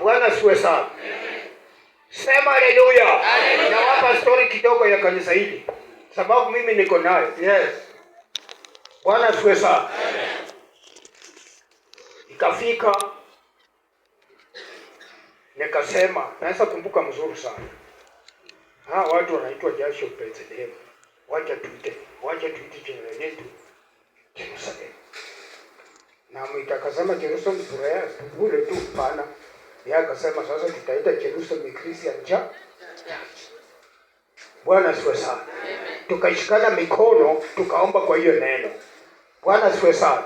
Bwana siwe sana. Sema haleluya. Nawapa story kidogo ya kanisa hili sababu mimi niko nayo. Yes. Bwana siwe sana. Ikafika nikasema, naweza kumbuka mzuri sana. Ha, watu wanaitwa Jasho Bethlehem. Wacha tuite, wacha tuite jina letu Jerusalem. Na mtakasema Jerusalem prayer, tubule tu pana. Yeye akasema sasa tutaita Jerusalem Christian Church. Bwana asiwe sana. Tukaishikana mikono tukaomba kwa hiyo neno. Bwana asiwe sana.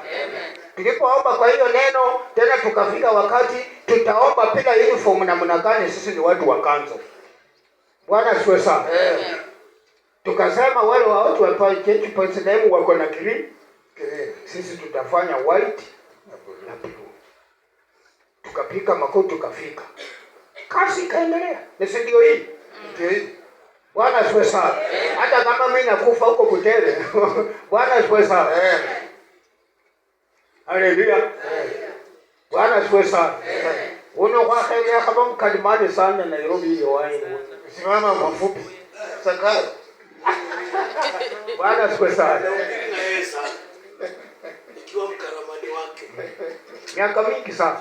Tulipoomba kwa hiyo neno tena tukafika wakati tutaomba bila uniform namna gani? Sisi ni watu wa kanzo. Bwana asiwe sana. Tukasema wale wa watu wa Points wako na green. Sisi tutafanya white na blue tukapiga makoti tukafika, kazi ikaendelea. Ndio hii ndio mm. hii. Bwana asifiwe sana. Hata kama mimi nakufa huko Butere Bwana asifiwe sana. Haleluya. Bwana asifiwe sana. Uno kwa hali ya kama mkalimani sana Nairobi hiyo waini. Simama kwa fupi. Saka. Bwana asifiwe sana. Ikiwa mkaramani wake. Miaka mingi sana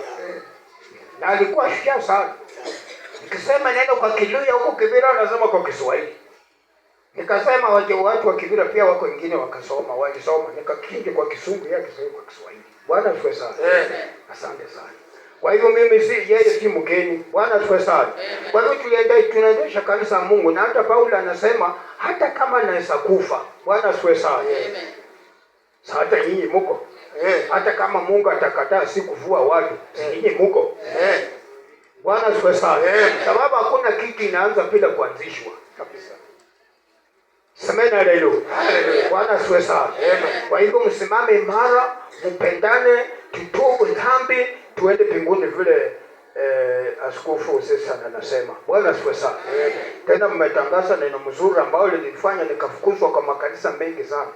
na alikuwa sikia sana. Nikasema neno kwa Kiluya huko Kibira anasema kwa Kiswahili. Nikasema waje watu wa Kibira pia wako wengine wakasoma, walisoma. nikakinge kwa Kisungu yake sasa kwa Kiswahili. Bwana asifiwe sana. Amen. Asante sana. Kwa hivyo mimi si yeye si mgeni. Bwana asifiwe sana. Kwa hivyo tulienda tunaendesha kanisa la Mungu na hata Paulo anasema hata kama naweza kufa. Bwana asifiwe sana. Amen. Sasa hata nyinyi mko eh, hata kama Mungu atakataa si kuvua watu sininyi eh. muko eh. Bwana asifiwe sana eh. Sababu hakuna kitu inaanza bila kuanzishwa kabisa. Semeni haleluya. Bwana asifiwe sana. Kwa hivyo msimame imara, mpendane, tutubu dhambi, tuende mbinguni vile eh, Askofu sasa anasema. Bwana asifiwe sana. Tena mmetangaza neno mzuri ambalo lilifanya nikafukuzwa kwa makanisa mengi sana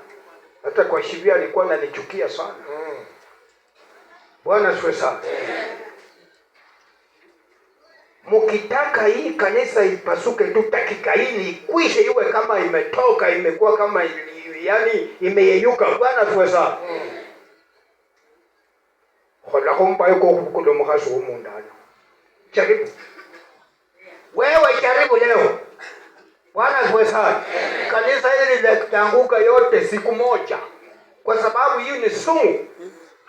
hata kwa shivia alikuwa ananichukia sana mm. Bwana siwe sana mkitaka hii kanisa ipasuke tu dakika takikaini ikwishe iwe kama imetoka imekuwa kama yani imeyeyuka. Bwana siwe sana yuko kholakhompayokokukula mukhasi womundana jaribu wewe jaribu leo Bwana asifiwe Kanisa hili litaanguka yote siku moja, kwa sababu hii ni sumu